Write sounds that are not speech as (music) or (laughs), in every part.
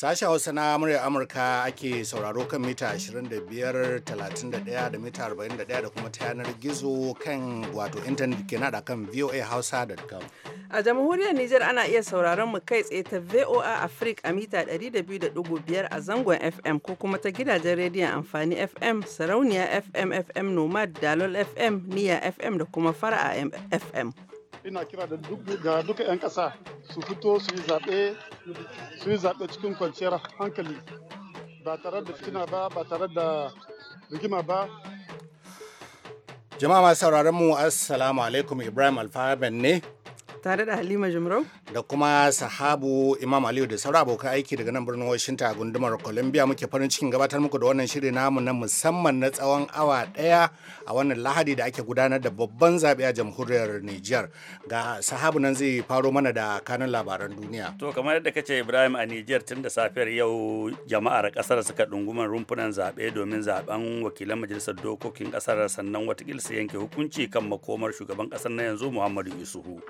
Sashi Hausa na murya Amurka ake sauraro kan mita 25, 31 da mita 41 da kuma ta yanar gizo kan wato intanet ke nada kan voahausa.com. A jamhuriyar Nijar ana iya sauraron mu kai tsaye ta VOA Africa a mita 200.5 a zangon FM ko kuma ta gidajen rediyon amfani FM, sarauniya FM, FM Nomad, Dalol FM, Niya FM da kuma Fara'a FM. ina kira da ga duka 'yan ƙasa su fito su yi zaɓe su yi zaɓe cikin kwanciyar hankali ba tare da fitina ba ba tare da rigima ba jama'a masu sauraron mu assalamu alaikum ibrahim alfahar ne tare da Halima Jumrau da kuma Sahabu Imam Aliyu da sauran abokan aiki daga nan birnin Washington a gundumar Columbia muke farin cikin gabatar muku da wannan shiri namu na musamman na tsawon awa daya a wannan Lahadi da ake gudanar da babban zaɓe a jamhuriyar Niger ga Sahabu nan zai faro mana da kanun labaran duniya to kamar yadda kace Ibrahim a Niger tun da safiyar yau jama'ar kasar suka dunguman rumfunan zaɓe domin zaben wakilan majalisar dokokin kasar sannan watakila su yanke hukunci kan makomar shugaban kasar na yanzu Muhammadu Yusufu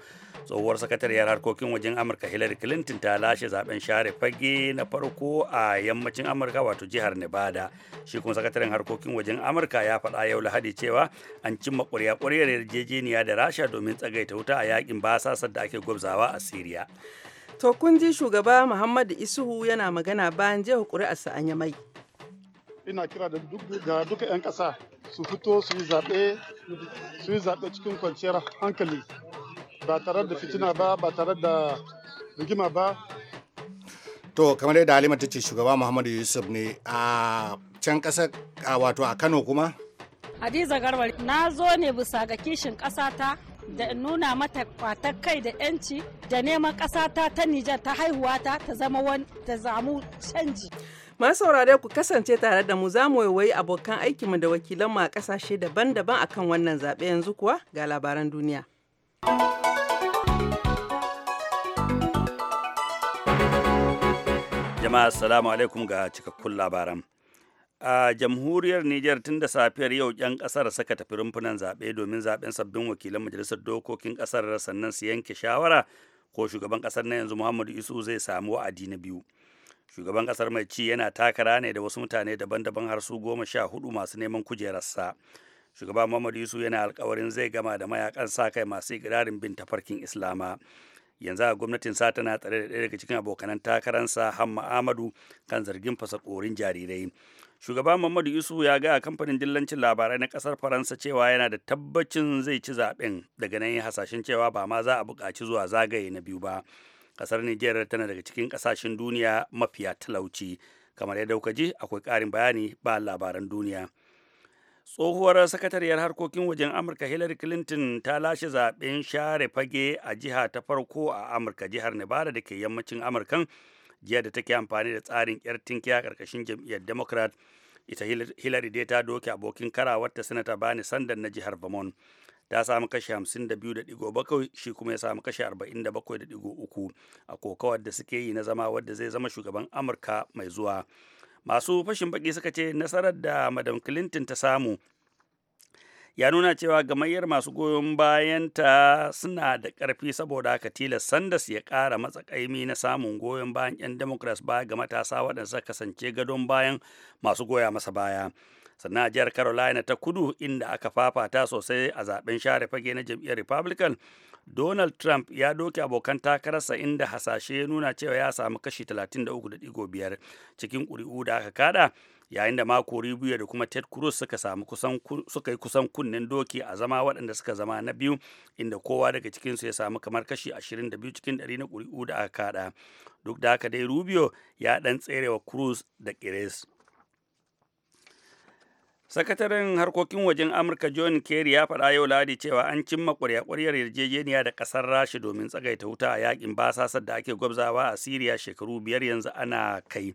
tsohuwar sakatariyar harkokin wajen amurka hillary clinton ta lashe zaben share fage na farko a yammacin amurka wato jihar nevada shi kuma sakataren harkokin wajen amurka ya faɗa yau lahadi cewa an cimma kurya-kurya ƙwaryar yarjejeniya da rasha domin tsagaita wuta a yakin basasar da ake gwabzawa a syria to kun ji shugaba muhammadu isuhu yana magana bayan jihar ƙuri'arsa an mai. ina kira da duka 'yan ƙasa su fito su yi zaɓe cikin kwanciyar hankali ba tare da fitina ba ba tare da rigima ba to kamar yadda halima ta ce shugaba muhammadu yusuf ne a can a wato a kano kuma hadiza garba na zo ne bisa ga kishin ƙasata da nuna mata kwatar kai da yanci da neman ƙasata ta nijar ta haihuwata ta zama wani ta zamu canji masu saurare ku kasance tare da mu za mu waiwayi abokan aikinmu da wakilanmu a ƙasashe daban-daban akan wannan zaɓe yanzu kuwa ga labaran duniya. jama'a assalamu alaikum ga cikakkun labaran a jamhuriyar Nijar tun da safiyar yau yan ƙasar saka tafi rumfunan zaɓe domin zaɓen sabbin wakilan majalisar dokokin Ƙasar sannan su yanke shawara ko shugaban ƙasar na yanzu muhammadu isu zai samu wa'adi na biyu shugaban ƙasar mai ci yana takara ne da wasu mutane daban-daban har su goma sha hudu masu neman kujerarsa. sa shugaba muhammadu yusuf yana alkawarin zai gama da mayakan sa kai masu ikirarin bin tafarkin islama yanzu a gwamnatin sa tana tsare da ɗaya daga cikin abokanan takararsa hamma amadu kan zargin fasa korin jarirai shugaba muhammadu yusuf ya ga kamfanin dillancin labarai na kasar faransa cewa yana da tabbacin zai ci zaben daga nan hasashen cewa ba ma za a buƙaci zuwa zagaye na biyu ba kasar nijeriya tana daga cikin kasashen duniya mafiya talauci kamar ya kuka ji akwai ƙarin bayani ba labaran duniya tsohuwar sakatariyar harkokin wajen amurka hillary clinton ta lashe zaben share fage a jiha ta farko a amurka jihar nevada da ke yammacin amurkan jiya da take amfani da tsarin yar a karkashin jam'iyyar democrat ita hillary dai ta doke abokin karawarta sanata bani sandan na jihar vermont ta samu kashi 52.7 shi kuma ya samu kashi 47.3 a kokawar da suke yi na zama wadda zai zama shugaban amurka mai zuwa masu fashin baki suka ce nasarar da madam clinton ta samu ya nuna cewa gamayyar masu goyon bayanta suna da karfi saboda haka tilas sanders ya ƙara matsakaimi na samun goyon bayan 'yan democrats baya ga matasa waɗanda kasance gadon bayan masu goya masa baya sannan a jihar carolina ta kudu inda aka fafata sosai a zaben share fage na jam'iyyar republican Donald Trump ya doke abokan takararsa inda hasashe ya nuna cewa ya samu kashi 33.5 cikin ƙuri'u da aka kada yayin da mako ribiya da kuma Ted Cruz suka samu kusan suka yi kusan kunnen doki a zama waɗanda suka zama na biyu inda kowa daga cikin su ya samu kamar kashi 22 cikin 100 na ƙuri'u da aka kada duk da haka dai Rubio ya ɗan tserewa Cruz da Kires. sakataren harkokin wajen amurka john kerry ya faɗa yau ladi cewa an cimma ƙwarya-ƙwaryar yarjejeniya da ƙasar rasha domin tsagaita wuta a yakin basasar da ake gwabzawa a siriya shekaru biyar yanzu ana kai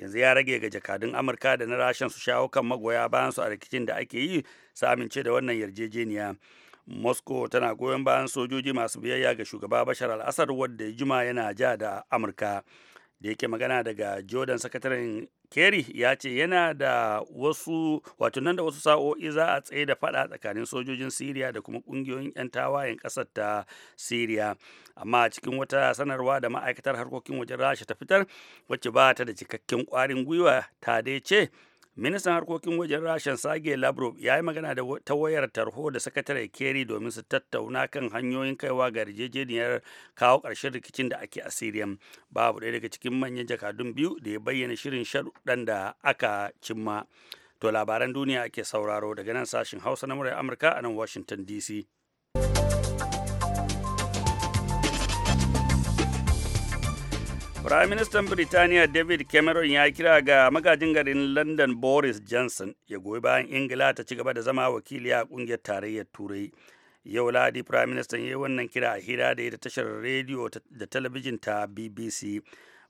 yanzu ya rage ga jakadun amurka da na rashin su shawo kan magoya bayan su a rikicin da ake yi su amince da wannan yarjejeniya moscow tana goyon bayan sojoji masu biyayya ga shugaba bashar al-assad wadda juma yana ja da amurka da yake magana daga jordan sakataren kerry ya ce yana da wasu wato nan da wasu sa'o'i za a tsaye da fada tsakanin sojojin syria da kuma kungiyoyin 'yan tawayen kasar ta syria amma cikin wata sanarwa da ma'aikatar harkokin wajen rasha ta fitar wacce ba ta da cikakken kwarin gwiwa ta dai ce ministan harkokin wajen rashin sage lavrov ya yi magana da ta wayar tarho da sakatare kerry domin su tattauna kan hanyoyin kaiwa ga yarjejeniyar kawo ƙarshen rikicin da ake a babu ɗaya daga cikin manyan jakadun biyu da ya bayyana shirin sharuɗan da aka cimma to labaran duniya ake sauraro daga nan sashen hausa na murar amurka a nan washington dc Firaministan Birtaniya David Cameron ya kira ga magajin garin London Boris Johnson ya goyi bayan Ingila ta ci gaba da zama wakili a kungiyar tarayyar Turai. Yau Ladi Firaministan ya yi wannan kira a hira da ita tashar rediyo da talabijin ta BBC.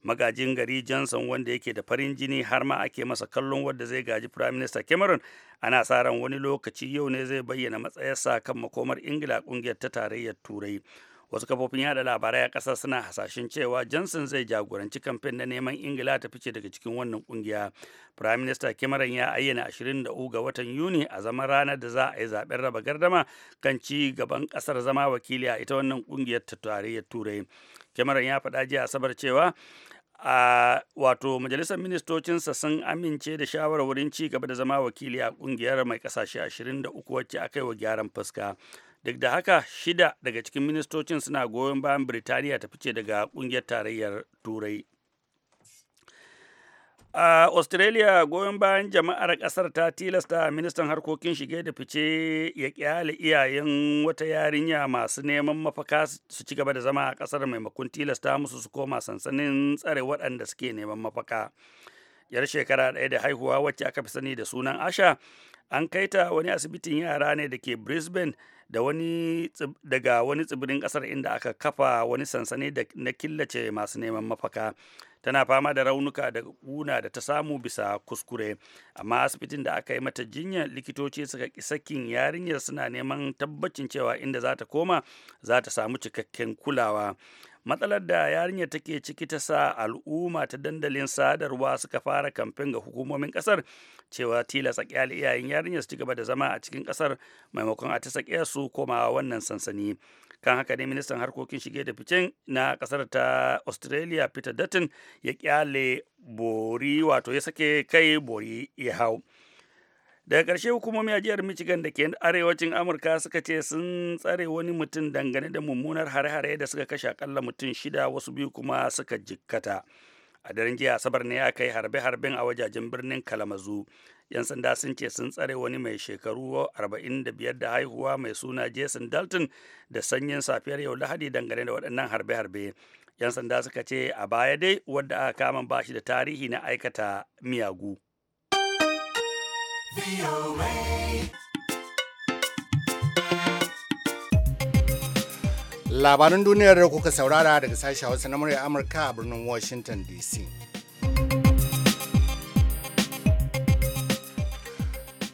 Magajin gari Johnson wanda yake da farin jini har ma ake masa kallon wadda zai gaji Firaminista Cameron ana sa ran wani lokaci yau ne zai bayyana matsayarsa kan makomar Ingila kungiyar ta tarayyar Turai. wasu kafofin yada labarai a kasar suna hasashen cewa johnson zai jagoranci kamfen na neman ingila ta fice daga cikin wannan kungiya prime minister cameron ya ayyana 23 ga watan yuni a zama ranar da za a yi zaben raba gardama kan ci gaban ƙasar zama wakili a ita wannan kungiyar ta tarayyar turai cameron ya faɗa jiya asabar cewa a wato majalisar ministocinsa sun amince da shawarwarin ci gaba da zama wakili a kungiyar mai kasashe 23 wacce aka yi wa gyaran fuska duk da haka shida daga cikin ministocin suna goyon bayan birtaniya ta fice daga kungiyar tarayyar turai a uh, australia goyon bayan jama'ar kasar ta tilasta ministan harkokin shige da fice ya kyale iyayen wata yarinya masu neman mafaka su ci gaba da zama a kasar maimakon tilasta musu su koma sansanin tsare waɗanda suke neman mafaka yar shekara ɗaya da haihuwa wacce aka fi sani da sunan asha an kai ta wani asibitin yara ne da ke brisbane daga wani tsibirin ƙasar inda aka kafa wani sansani da na killace masu neman mafaka tana fama da raunuka da kuna da ta samu bisa kuskure amma asibitin da aka yi mata jinya likitoci suka sakin yarinyar suna neman tabbacin cewa inda za ta koma za ta samu cikakken kulawa matsalar da yarinyar take ciki ta sa al'umma ta dandalin sadarwa suka fara kamfen ga hukumomin kasar cewa tilas kyale iyayen yarinyar su ci gaba da zama a cikin kasar maimakon a ta su komawa wannan sansani kan haka ne ministan harkokin shige da fice na kasar ta australia peter dutton ya kyale bori wato ya sake kai bori ya hau daga karshe hukumomi a jihar michigan da ke arewacin amurka suka ce sun tsare wani mutum dangane da mummunar hare-hare da suka kashe akalla mutum shida wasu biyu kuma suka jikkata a daren jiya asabar ne ya kai harbe-harben a wajajen birnin kalamazu yan sanda sun ce sun tsare wani mai shekaru 45 da haihuwa mai suna jason dalton da sanyin safiyar yau lahadi dangane da waɗannan harbe-harbe yan sanda suka ce a baya dai wadda aka kama ba shi da tarihi na aikata miyagu labaran duniyar da kuka saurara daga sashen hausa na murya amurka a birnin washington dc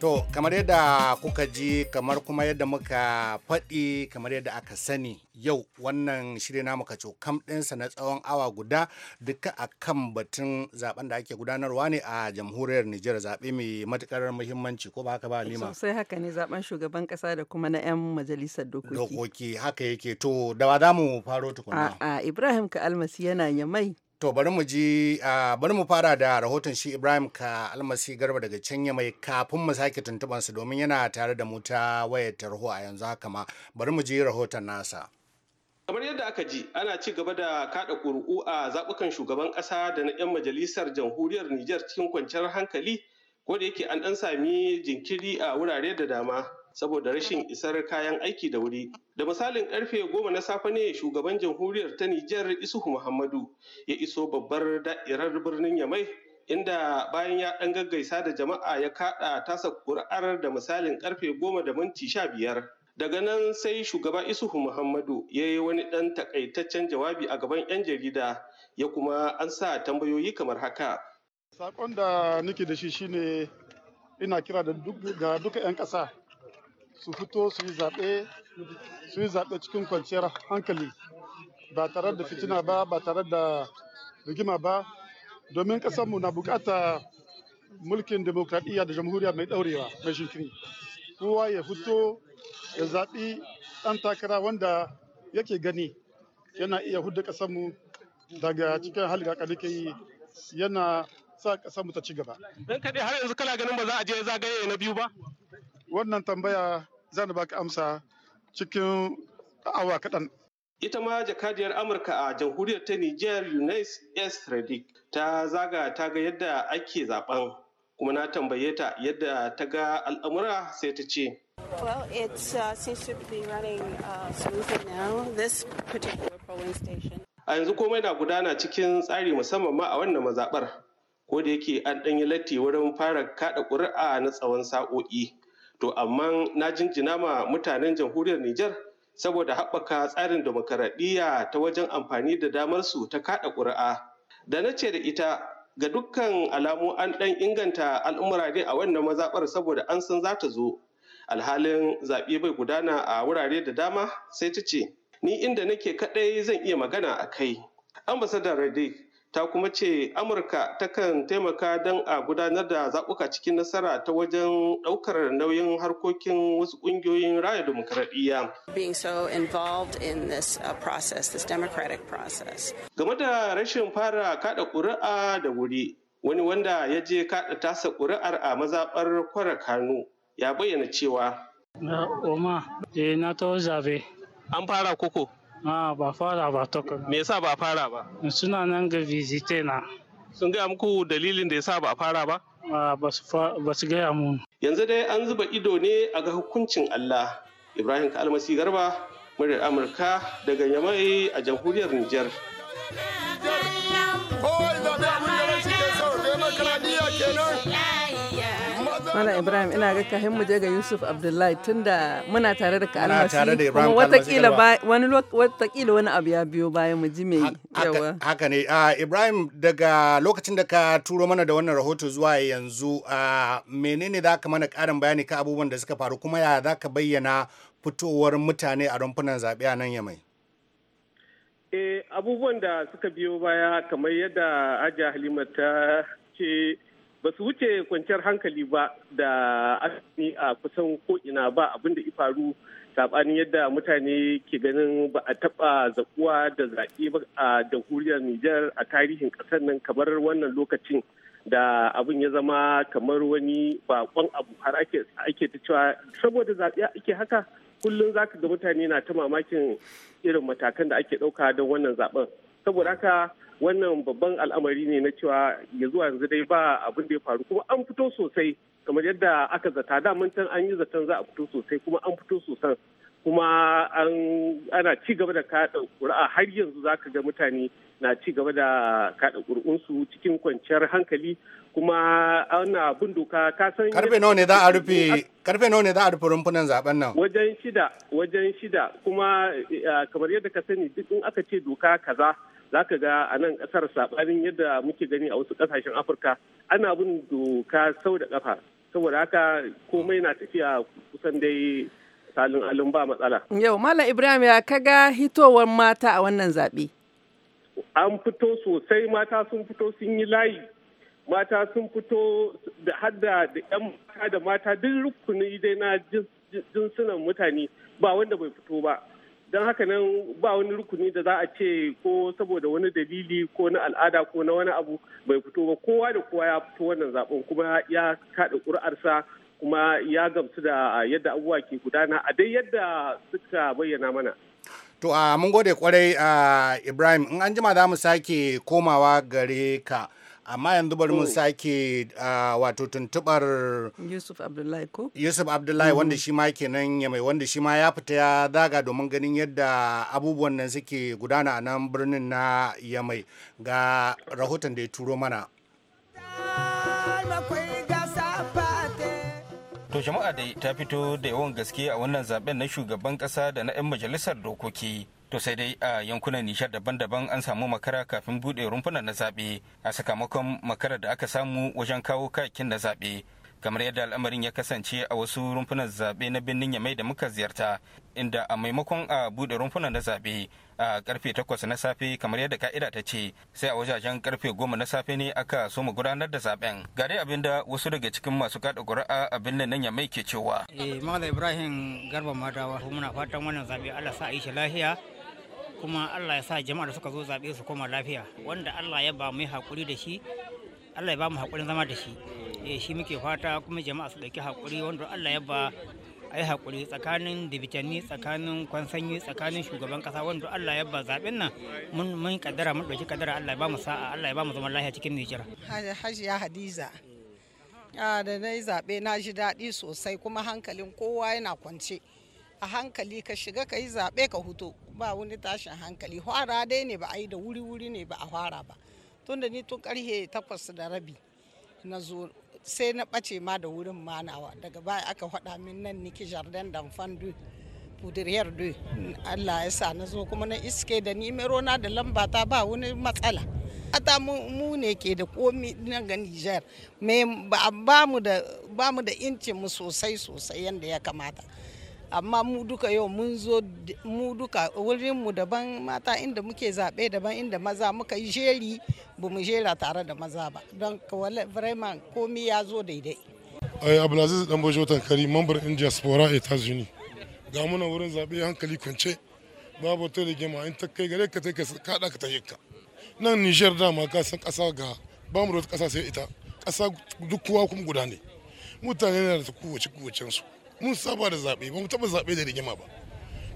To, kamar yadda kuka ji, kamar kuma yadda muka faɗi, kamar yadda aka sani yau wannan shirin namu ka kam ɗinsa na tsawon awa guda duka a kan batun zaben da ake gudanarwa ne a jamhuriyar Nijar zaɓe mai matuƙar muhimmanci ko ba haka ba Halima? Sosai haka ne zaben shugaban ƙasa da kuma na 'yan majalisar dokoki. Dokoki haka yake to da ba za mu faro tukuna. A'a Ibrahim Ka Almasi yana yamai. To bari mu ji bari mu fara da rahoton shi Ibrahim ka almasi garba daga can ya mai kafin mu sake tuntuban su domin yana tare da mu ta wayar tarho a yanzu haka ma bari mu ji rahoton nasa. Kamar yadda aka ji ana ci gaba da kada ƙuri'u a zaɓukan shugaban ƙasa da na 'yan majalisar jamhuriyar Nijar cikin kwanciyar hankali ko da yake an ɗan sami jinkiri a wurare da dama saboda rashin isar kayan aiki da wuri. Da misalin karfe goma na safe ne shugaban jamhuriyar ta Nijar Isuhu Muhammadu ya iso babbar da'irar birnin Yamai inda bayan ya ɗan gaggaisa da jama'a ya kaɗa tasa ƙuri'ar da misalin karfe goma da minti sha biyar. daga nan sai shugaba isuhu muhammadu ya yi wani ɗan takaitaccen jawabi a gaban 'yan jarida ya kuma an sa tambayoyi kamar haka sakon da nake da shi shine ina kira da duka 'yan ƙasa su fito su yi zaɓe su zaɓe cikin kwanciyar hankali ba tare da fitina ba ba tare da rigima ba domin ƙasarmu na bukata mulkin demokradiyya da jamhuriya mai ɗaurewa mai shinkiri kowa ya fito ya zaɓi ɗan takara wanda yake gani yana iya hudu ƙasarmu daga cikin halin da yi yana sa ƙasarmu ta ci gaba. Dan kaɗai har yanzu kana ganin ba za a je zagaye na biyu ba? Wannan tambaya zan baka amsa cikin awa kaɗan. Ita ma jakadiyar Amurka a jamhuriyar ta Nijar united S. Redick ta zaga ta ga yadda ake zaben kuma na tambaye ta yadda ta ga al'amura sai ta ce. Well, uh, uh, A yanzu komai na gudana cikin tsari musamman ma a wannan mazaɓar, ko da yake an ɗanyi latti wurin fara kaɗa ƙuri'a na tsawon sa'o'i. to amma na jinjina ma mutanen jamhuriyar Nijar saboda haɓaka tsarin demokaradiyya ta wajen amfani da damar su ta kaɗa ƙuri'a da na ce da ita ga dukkan alamu an ɗan inganta al'umura a wannan mazaɓar saboda an san za ta zo alhalin zaɓe bai gudana a wurare da dama sai ta ce ni inda nake kaɗai zan iya magana a kai ambasadar radik ta kuma ce amurka takan taimaka don a gudanar da zaɓuka cikin nasara ta wajen ɗaukar nauyin harkokin wasu ƙungiyoyin raya demokaradiyya. being so involved in this uh, process this democratic process game da rashin fara kaɗa ƙuri'a da wuri wani wanda ya je kada tasa ƙuri'ar a mazaɓar kwara kano ya bayyana cewa na oma eh, na zabe an fara koko A ah, ba fara ba tukuna. Me yasa ba fara ba? Suna nan ga visite na. Sun gaya muku dalilin da yasa ba fara ba? Ah, ba su gaya mu. Yanzu dai an zuba ido ne a ga hukuncin Allah. Ibrahim Kalmasi Garba, muryar Amurka daga Yamai a jamhuriyar Nijar. Kowai zaɓe abin da rashin ke sau, kenan. Malam Ibrahim ina ga kahin mu je ga Yusuf Abdullahi tunda muna tare da ka almasi. tare da wani abu ya biyo bayan mu ji mai yawa. Haka ne ah, Ibrahim daga lokacin da ka turo mana da wannan rahoto zuwa yanzu ah, menene za ka mana karin bayani ka abubuwan da suka faru kuma ya za ka bayyana fitowar mutane a rumfunan zaɓe a nan yamai. Eh abubuwan da suka biyo baya kamar yadda Aja Halima ta ce ba su wuce kwanciyar hankali ba da asini a kusan ko'ina ba abin da faru saɓanin yadda mutane ke ganin ba a taɓa zakuwa da zaɓe ba a jamhuriyar Nijar a tarihin ƙasar nan kamar wannan lokacin da abin ya zama kamar wani baƙon abu har ake ta cewa saboda zaɓe ake haka kullum zaka ga mutane na ta mamakin irin matakan da ake ɗauka don wannan zaɓen saboda haka wannan babban al'amari ne na cewa ya zuwa yanzu dai ba abin da ya faru kuma an fito sosai kamar yadda aka zata da can an yi zaton za a fito sosai kuma an fito sosan kuma an ana ci gaba da kada ƙuri'a har yanzu zaka ga mutane na ci gaba da kada ƙuri'unsu cikin kwanciyar hankali kuma ana bin doka ka san karfe nawa ne za a rufe karfe nawa ne za a rufe rumfunan zaben nan wajen shida wajen shida kuma eh, kamar yadda ka sani duk in aka ce doka kaza za ka ga a nan ƙasar saɓanin yadda muke gani a wasu ƙasashen afirka ana bin doka sau da ƙafa saboda haka komai na tafiya kusan dai salin alin ba matsala. yau malam ibrahim ya kaga hitowar mata a wannan zaɓe. an fito sosai mata sun fito sun yi layi mata sun fito da hadda da 'yan mata da mata duk rukuni dai na jinsunan mutane ba wanda bai fito ba don haka nan ba wani rukuni da za a ce ko saboda wani dalili ko na al'ada ko na wani abu bai fito ba kowa da kowa ya fito wannan zaben kuma ya kaɗa ƙuri'arsa kuma ya gamsu da yadda abubuwa ke gudana a dai yadda suka bayyana mana to a ah, mun gode kwarai ah, ibrahim in an jima za mu sake komawa gare ka amma yanzu bari mu oh. sake ah, wato tuntubar yusuf abdullahi ko yusuf abdullahi wanda mm. shi ma kenan ya mai wanda shi ma ya fita ya zaga domin ganin yadda abubuwan nan suke gudana a nan birnin na yamai ga rahoton da ya turo mana To jama'a dai ta fito da yawan gaske a wannan zaben na shugaban kasa da na 'yan majalisar dokoki to sai dai a yankunan nishar daban-daban an samu makara kafin buɗe rumfunan na zaɓe a sakamakon makara da aka samu wajen kawo kayakin na zaɓe kamar yadda al'amarin ya kasance a wasu rumfunan zaɓe na birnin yamai da muka ziyarta inda a maimakon a buɗe rumfunan na zaɓe a karfe 8 na safe kamar yadda ka'ida ta ce sai a wajajen karfe goma na safe ne aka so mu gudanar da zaben ga dai abin da wasu daga cikin masu kada ƙuri'a a birnin nan Yamai ke cewa eh ibrahim garba madawa muna fatan wannan zabe Allah sa a yi shi lafiya kuma Allah ya sa jama'a da suka zo zaɓe su koma lafiya wanda Allah ya ba mu haƙuri da shi Allah ya ba mu haƙurin zama da shi eh shi muke fata kuma jama'a su ɗauki haƙuri wanda Allah ya ba a yi hakuri tsakanin dibitanni tsakanin kwansanyi tsakanin shugaban kasa wanda Allah ya ba zaɓen nan mun mun kaddara mun dauki kaddara Allah ya ba mu sa'a Allah ya ba mu zaman lafiya cikin Nijar Hajiya Hadiza a da na yi zaɓe na ji daɗi sosai kuma hankalin kowa yana kwance a hankali ka shiga ka yi zaɓe ka huto ba wani tashin hankali fara dai ne ba a yi da wuri-wuri ne ba a fara ba tunda ni tun karhe takwas da rabi na zo sai na ɓace ma da wurin manawa daga baya aka faɗa min nan niki jardin fan du pudiriyar du allah ya sa na zo kuma na iske da ni na da lamba ta ba wani matsala ata mu ne ke da komi na ga niger ba mu da incin mu sosai sosai yadda ya kamata amma mu duka yau mun zo mu duka mu daban mata inda muke zaɓe daban inda maza muka yi jeri ba mu jera tare da maza ba don vraiment komi ya zo daidai ai eh, abdulaziz dan bojo tankari mambar in diaspora etats unis ga muna wurin zaɓe hankali kwance babu ta rigima in ta kai gare ka ta kaɗa ka ta yinka nan niger dama ka san ƙasa ga ba mu da ƙasa sai ita ƙasa duk kowa kuma guda ne mutane na da kowace kowacensu su mun saba da zaɓe ba mu taɓa zaɓe da rigima ba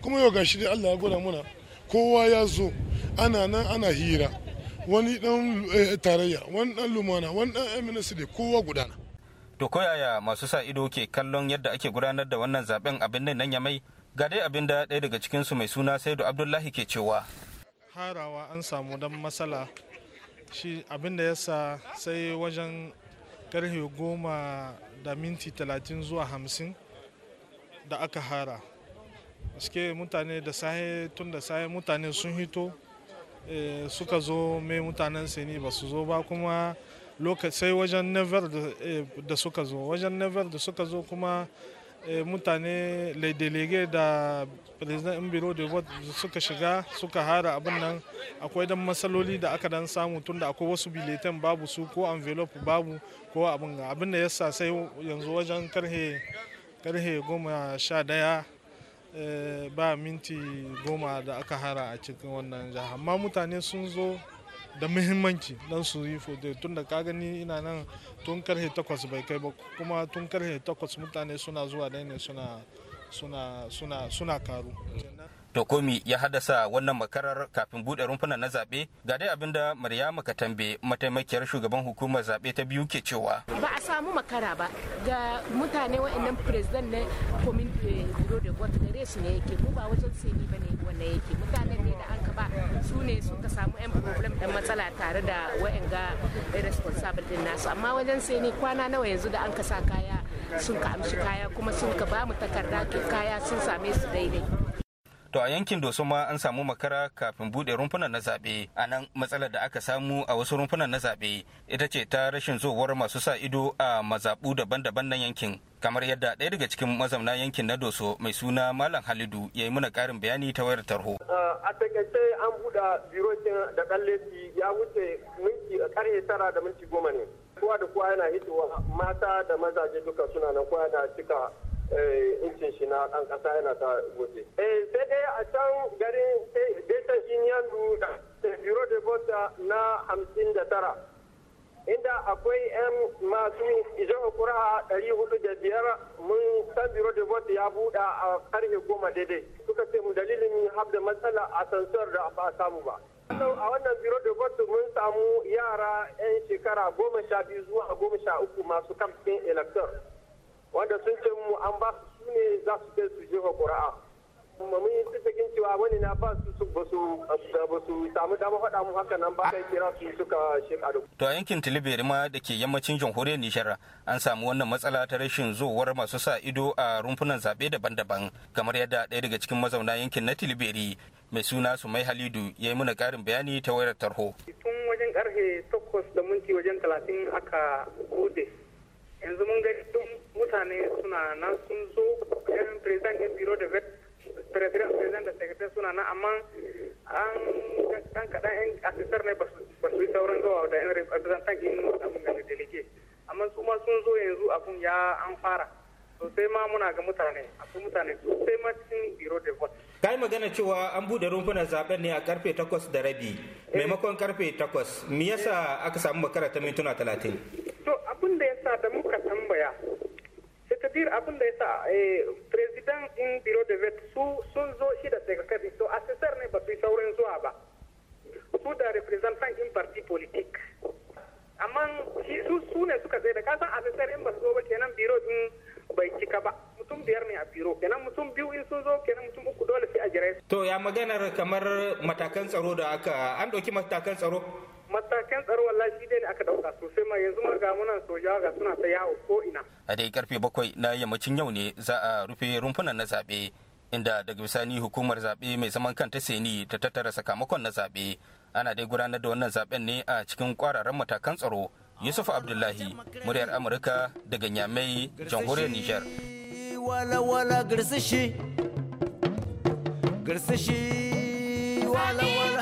kuma yau gashi dai Allah ya gwada muna kowa ya zo ana nan ana hira wani dan eh, tarayya wani dan lumana wani dan MNC da kowa gudana to yaya masu sa ido ke kallon yadda ake gudanar da wannan zaben abin nan ya mai ga dai abin da ɗaya daga cikinsu mai suna saidu abdullahi ke cewa harawa an samu dan matsala shi abin da yasa sai wajen karfe goma da minti talatin zuwa hamsin da aka hara suke mutane da sahe tun da sahe mutane sun hito eh, suka zo mai mutanen sini ba su zo ba kuma sai wajen never eh, da suka zo wajen never da suka zo kuma eh, mutane laidelege da president in biro da suka shiga suka hara abin nan akwai dan matsaloli da aka dan samu da akwai wasu biletan babu su ko envelope babu ko abin ga abin da yasa sai yanzu wajen karhe karhe goma sha daya eh, ba minti goma da aka hara a cikin wannan jiha amma mutane sun zo da muhimmanci don su yi foto tun da ka gani ina nan tun karhe takwas bai kai ba kuma tun karhe takwas mutane suna zuwa da suna suna suna karu To komi ya haddasa wannan makarar kafin buɗe rumfunan na zaɓe ga dai abinda Maryama Katambe mataimakiyar shugaban hukumar zaɓe ta biyu ke cewa. Ba a samu makara ba ga mutane wa'annan president na komin eh, biro da gwata da resu ne yake mu ba wajen sai ba ne wannan yake mutanen ne da an ka ba su ne suka samu yan problem da matsala tare da wa'anga responsible din nasu amma wajen sai ni kwana nawa yanzu da an ka sa kaya sun ka amshi kaya kuma sun ka ba mu takarda kaya sun same su daidai. to a yankin doso ma an samu makara kafin bude rumfunan na zaɓe a nan matsalar da aka samu a wasu rumfunan na zaɓe ita ce ta rashin zowar masu sa ido a mazaɓu daban-daban na yankin kamar yadda ɗaya daga cikin mazauna yankin na doso mai suna malam halidu ya yi mana ƙarin bayani ta wayar tarho. a an buɗe birokin da ɗan ya wuce minti ƙarfe tara da minti goma ne kowa da kowa yana hitowa mata da mazaje duka suna na kowa yana cika Eh, incin shi na ɗan ƙasa yana ta gote. Eh, sai dai a can garin eh, Detan Inyandu da Biro de Bota na hamsin da tara. Inda akwai 'yan masu izo kura ɗari hudu da biyar mun san Biro de Bota ya buɗa a karfe goma daidai. Suka ce mu dalilin habda matsala a sansar da ba samu ba. a wannan biro da vote mun samu yara 'yan shekara goma sha biyu zuwa goma sha uku masu kamfin elector wanda sun ce mu an ba su ne za su ce su wa ƙura'a kuma mun yi tattakin cewa wani na ba su su su ba su samu dama faɗa mu haka nan ba kai kira su suka shekaru. To a yankin Tilibiri ma da ke yammacin jamhuriyar Nijar an samu wannan matsala ta rashin zuwar masu sa ido a rumfunan zaɓe daban-daban kamar yadda ɗaya daga cikin mazauna yankin na Tilibiri mai suna mai Halidu ya yi muna ƙarin bayani ta wayar tarho. Tun wajen ƙarfe takwas da minti wajen talatin aka gode yanzu mun gani mutane suna nan sun zo irin president din biro da president da secretary suna nan amma an dan kaɗan yan asisar ne ba su yi sauran zuwa da yan representant din abin da delege amma su ma sun zo yanzu abun ya an fara sosai ma muna ga mutane akwai mutane sosai ma cikin biro da vote yi magana cewa an bude rumfunan zaben ne a karfe takwas da rabi eh. maimakon karfe takwas me yasa aka samu makara ta mintuna talatin. kamar matakan tsaro da aka an ɗauki matakan tsaro matakan tsaro wallahi shi dai aka dauka sosai ma yanzu ga munan soja ga suna ta yawo ko ina a dai karfe bakwai na yammacin yau ne za a rufe rumfunan na zaɓe inda daga bisani hukumar zaɓe mai zaman kanta seni ta tattara sakamakon na zaɓe ana dai gudanar da wannan zaɓen ne a cikin kwararan matakan tsaro yusuf abdullahi muryar amurka daga nyamai jamhuriyar nijar wala wala Malam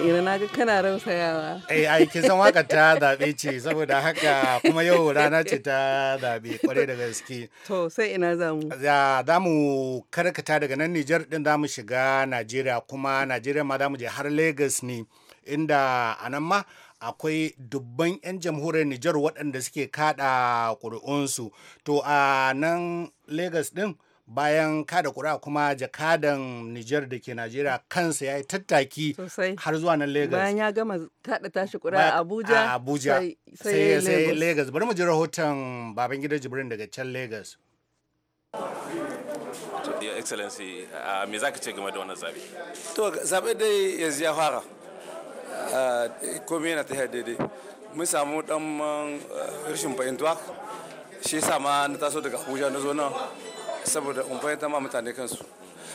Ina na ga kana rausayawa. Eh ai kin san waka ta zabe ce saboda haka kuma yau rana ce ta zabe kwarai da gaske. To sai ina za mu. Ya za mu karkata daga nan Nijar din za mu shiga Najeriya kuma Najeriya ma za mu je har Lagos ne inda anan ma akwai dubban 'yan jamhuriyar Nijar waɗanda suke kada ƙuri'unsu. To a nan Lagos din bayan kada kura kuma jakadan Nijar da ke Najeriya kansa ya yi tattaki har zuwa nan Lagos. Bayan ya gama kada tashi kura a Abuja. A Abuja sai sai Lagos. Bari mu ji rahoton gidan Jibrin daga can Lagos. Your Excellency, uh, me za ka ce game da wannan zabe? To, zabe dai yanzu ya fara. Uh, komai yana ta tafiya daidai. Mun samu dan uh, rashin fahimtuwa. Shi sa ma na taso daga Abuja na zo nan saboda in fahimtar ma mutane kansu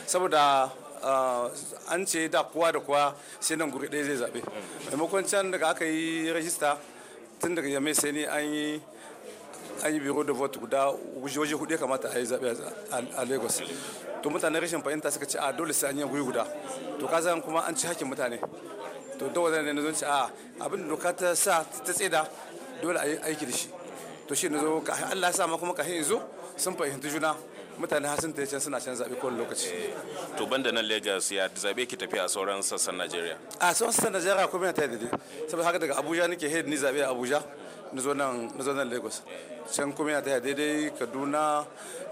saboda ah, an ce da kowa da kowa sai nan guri ɗaya zai zaɓe maimakon can daga aka yi rajista tun daga yamma sai ne an yi an yi biro da vote guda waje hudu ya kamata a yi zaɓe a lagos to mutane rashin fahimta suka ce a ah, dole sai an yi guri guda to ka zan kuma an ci hakkin mutane to da wadanda na zon ce a ah, abin da doka ta sa ta tseda dole a yi aiki da shi to shi na zo ka Allah ya sa ma kuma ka hin zo sun fahimta juna mutane har sun ta can suna can zaɓe kowane lokaci. Eh, to banda nan lagos ya zaɓe ki tafi a sauran sassan najeriya. a sauran sassan najeriya yana ta da saboda haka daga abuja nake head ni zaɓe a abuja na zo nan lagos can kuma yana ta daidai kaduna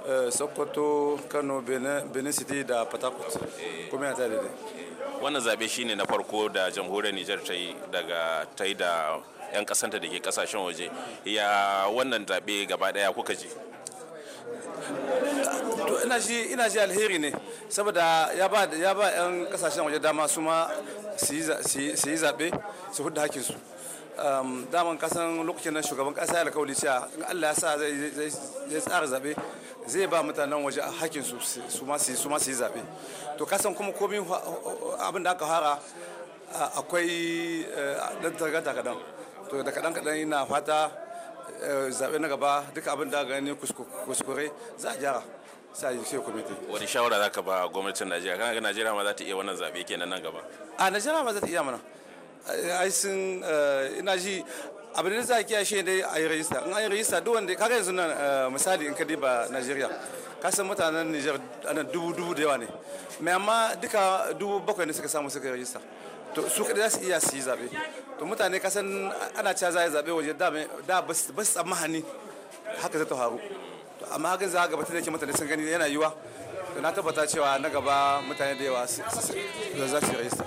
eh, sokoto kano benin city da patakot eh. kuma yana ta daidai wannan zaɓe shine na farko da jamhuriyar nijar ta yi daga ta yi da 'yan kasanta da ke kasashen waje ya wannan zaɓe gaba ɗaya kuka ji to ina ji ina ji alheri ne saboda ya ba ya ba yan kasashen waje dama su ma su yi zaɓe su hudu hakin su daman kasan lokacin nan shugaban kasa ya alkawali cewa Allah ya sa zai tsara zaɓe zai ba mutanen waje hakin su su ma su yi zaɓe to kasan kuma komi abin da aka fara akwai eh, dan targata kadan to da kadan kadan ina fata eh, zaɓe na gaba duka abin da gani kuskure za a gyara sai jin sai wani shawara za ka ba gwamnatin najeriya kana ga najeriya ma za ta iya wannan zaɓe kenan nan gaba a najeriya ma za ta iya mana ai sun eh, ina ji abin da za a kiyashe dai a yi rajista in ai yi rajista duk wanda kaga yanzu nan eh, misali in ka ba najeriya ka san mutanen niger ana dubu dubu da yawa ne mai amma duka dubu bakwai ne suka samu suka yi rajista to su kada su iya su yi zaɓe to mutane ka san ana cewa za a yi zaɓe waje da ba su tsammani haka zai ta faru amma hakan za a gabatar da ke mutane sun gani yana yiwa da na tabbata cewa na gaba mutane da yawa za su rajista.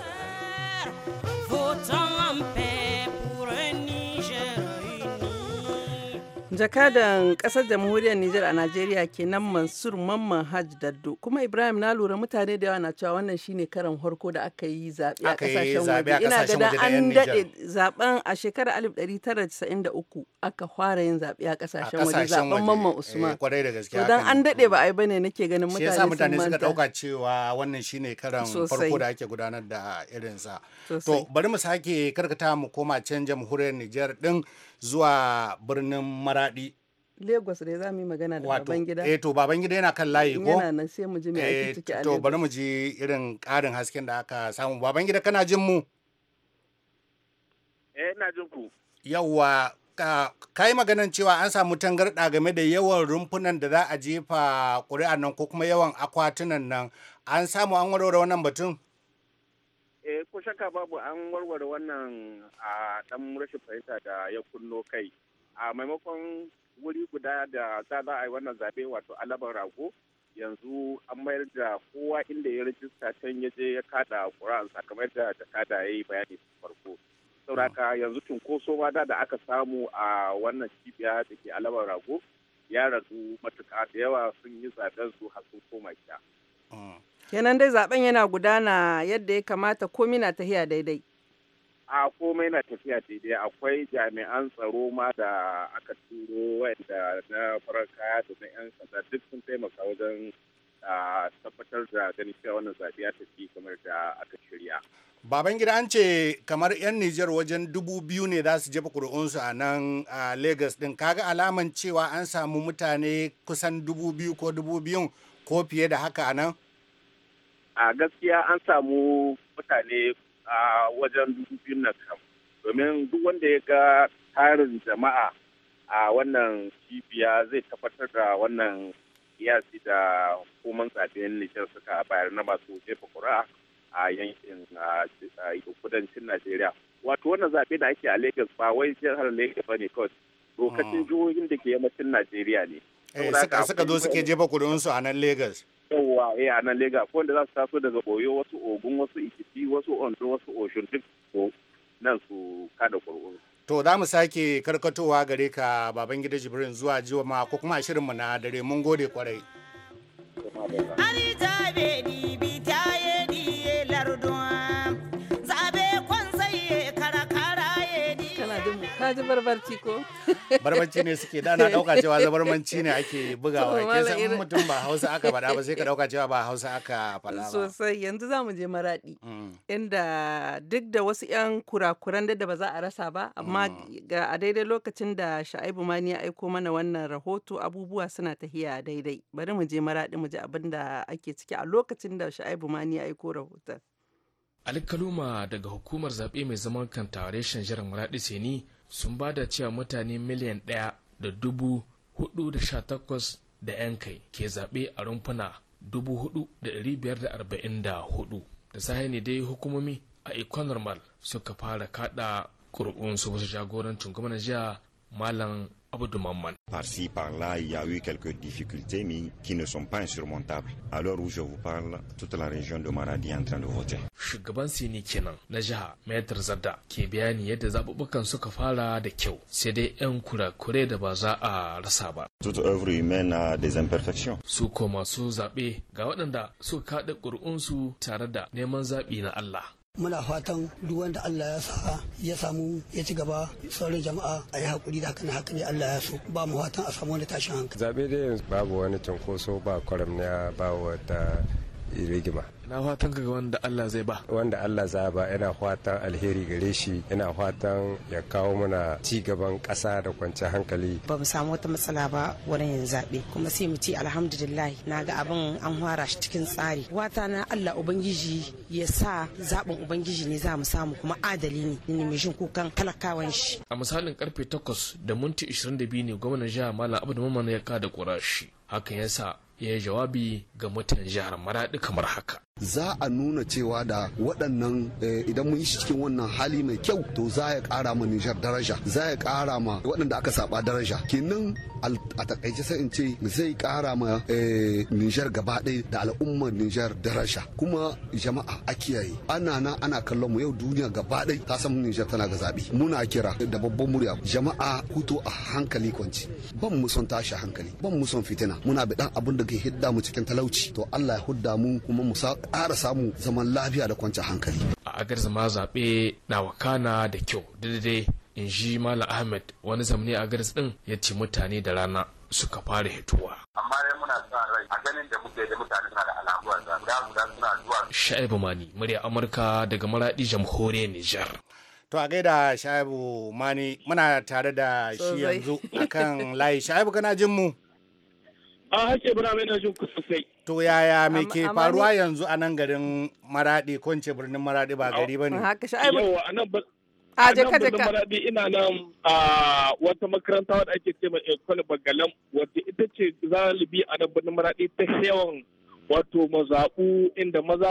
jakadan kasar jamhuriyar Nijar a Najeriya kenan Mansur Mamman Hajj Daddo kuma Ibrahim na lura mutane da yawa na cewa wannan shine karan harko da aka yi zaɓe a kasashen waje ina gada an daɗe zaben a shekarar 1993 aka fara yin zaɓe a kasashen waje zaben Mamman eh, Usman to dan an daɗe ba a yi bane nake ganin mutane sun mutane suka dauka cewa wannan shine karan farko da ake gudanar da irin sa to bari mu sake karkata mu koma can jamhuriyar Nijar din zuwa birnin maradi Lagos dai za mu yi magana da gida. Eh to Babangida yana kan layi ko? Yana nan sai mu ji me ake eh, ciki a Lagos. To bari mu ji irin ƙarin hasken da aka samu. Babangida kana jin mu? Eh ina jin ku. Yawwa ka kai maganan cewa an samu tangarɗa game da yawan rumfunan da za a jefa ƙuri'an nan ko kuma yawan akwatunan nan an samu an warware wannan batun? eh ko shakka babu an warware wannan a dan rashin fahimta da ya kunno kai a maimakon wuri guda da za a yi wannan zabe wato alaban rago yanzu an mayar da kowa inda ya rijista can ya je ya kada ƙura'an sakamakon da jakada ya yi bayani farko sauraka yanzu cunkoso ma da aka samu a wannan cibiya da ke alaban rago ya ragu matuka da yawa sun yi zaben su har sun koma ah. kenan dai zaben yana gudana yadda ya kamata komai na tafiya daidai a komai na tafiya daidai akwai jami'an tsaro ma da aka turo wanda na farar kaya da na 'yan sanda duk sun taimaka wajen tabbatar da ganin cewa wannan zaɓe ya tafi kamar da aka shirya. Baban gida an ce kamar 'yan Nijar wajen dubu biyu ne za su jefa kuri'unsu a nan a Legas ɗin. Kaga alaman cewa an samu mutane kusan dubu biyu ko dubu biyun ko fiye da haka a nan? a gaskiya an samu mutane a wajen dubu nan kam domin duk wanda ya ga tarin jama'a a wannan cibiya zai tabbatar da wannan yasi da hukumar zaben nijar suka bayar na masu jefa kura a yankin kudancin najeriya wato wannan zaɓe da ake a lagos ba wai jihar lagos ba ne kawai lokacin hmm. jihohin da ke yammacin najeriya ne eh, suka zo suke jefa kudinsu a nan lagos yauwa eh a nan lega ko wanda za su taso daga boyo wasu ogun wasu ikiti wasu ondo wasu oshun duk nan su kada kurkuru To za mu sake karkatowa gare ka baban gida Jibrin zuwa jiwa ma ko kuma shirin mu na dare mun gode kwarai. ka ji barbarci ko (laughs) barbarci ne suke da na dauka cewa zabarmanci ne ake bugawa ke san mutum ba hausa aka faɗa ba sai ka dauka cewa ba hausa aka faɗa ba sosai yanzu za mu je maradi mm. inda duk da wasu yan kurakuran da ba za a rasa ba amma mm. ga a daidai lokacin da sha'ibu mani ya aiko mana wannan rahoto abubuwa suna tahiya daidai bari mu je maradi mu ji abin da ake ciki a lokacin da sha'ibu mani ya aiko rahoton alkaluma daga hukumar zaɓe mai zaman kan reshen jiran maraɗi seni sun ba da cewa mutane miliyan ɗaya da dubu hudu da sha takwas da 'yan kai ke zaɓe a rumfuna dubu hudu da ɗari biyar da arba'in da hudu da sahi ne dai hukumomi a econormal suka fara kaɗa ƙuri'unsu wasu jagorancin gwamnan jiya malam Par-ci, par-là, il y a eu quelques difficultés, mais qui ne sont pas insurmontables. À l'heure où je vous parle, toute la région de Maradi est en train de voter. Shugaban Sini kenan na jiha Maitre Zadda ke bayani yadda zaɓuɓɓukan suka fara da kyau sai dai 'yan kurakure da ba za a rasa ba. tout œuvre humaine a des imperfections. Su ko masu zaɓe ga waɗanda suka kaɗa ƙuri'unsu tare da neman zaɓi na Allah. muna fatan duk wanda Allah ya sa ya samu ya ci gaba sauran jama'a a yi hakuri da hakan hakan Allah ya so ba mu fatan a samu wani tashin hankali zabe da yanzu babu wani cinkoso ba kwaramniya ba wata rigima ina fatan ga wanda Allah zai ba wanda Allah za ba ina fatan alheri gare shi ina fatan ya kawo mana ci gaban ƙasa da kwanciyar hankali ba mu samu wata matsala ba wurin yin zaɓe kuma sai mu ci alhamdulillah na ga abin an fara shi cikin tsari wata na Allah ubangiji ya sa zaɓin ubangiji ne za mu samu kuma adali ne ni mai jin kukan talakawan shi a misalin karfe 8 da minti 22 ne gwamnan jihar Malam Abdul Mamman ya kada kurashi hakan yasa ya yi jawabi ga mutan jihar Maradi kamar haka za a nuna cewa da waɗannan eh, idan mun yi shi cikin wannan hali mai kyau to za ya ƙara ma Nijar daraja za ya ƙara ma waɗanda aka saba daraja kenan a takaice sai in ce zai ƙara ma eh, Nijar gaba da al'ummar Nijar daraja kuma jama'a a kiyaye ana na ana kallon mu yau duniya gaba ɗaya ta san Nijar tana ga zaɓe muna kira da babban murya jama'a hutu a hankali kwanci ban mu son tashi hankali ban mu son fitina muna bi ɗan abin da ke hidda mu cikin talauci to Allah ya hudda mu kuma mu ƙara samu zaman lafiya da kwanci hankali. A agar zama zaɓe na wakana da kyau daidai in ji Mala Ahmed wani zamani a garis ɗin ya ce mutane da rana suka fara hituwa. Amma dai muna sa rai a ganin da muke da mutane suna da alamu a zaɓe suna zuwa. Sha'ibu Mani murya Amurka daga Maraɗi jamhuriyar Nijar. To a gaida Sha'ibu Mani muna tare da shi yanzu akan layi Sha'ibu kana jin mu? a hake bana mai na jin sosai to yaya me ke faruwa yanzu a nan garin maraɗi ko ce birnin maraɗi ba gari bane haka yawa ba a jaka jaka maradi ina nan a wata makaranta wadda ake ce ma ekol bagalam wadda ita ce zalibi a nan birnin maraɗi ta yawan wato mazaɓu inda maza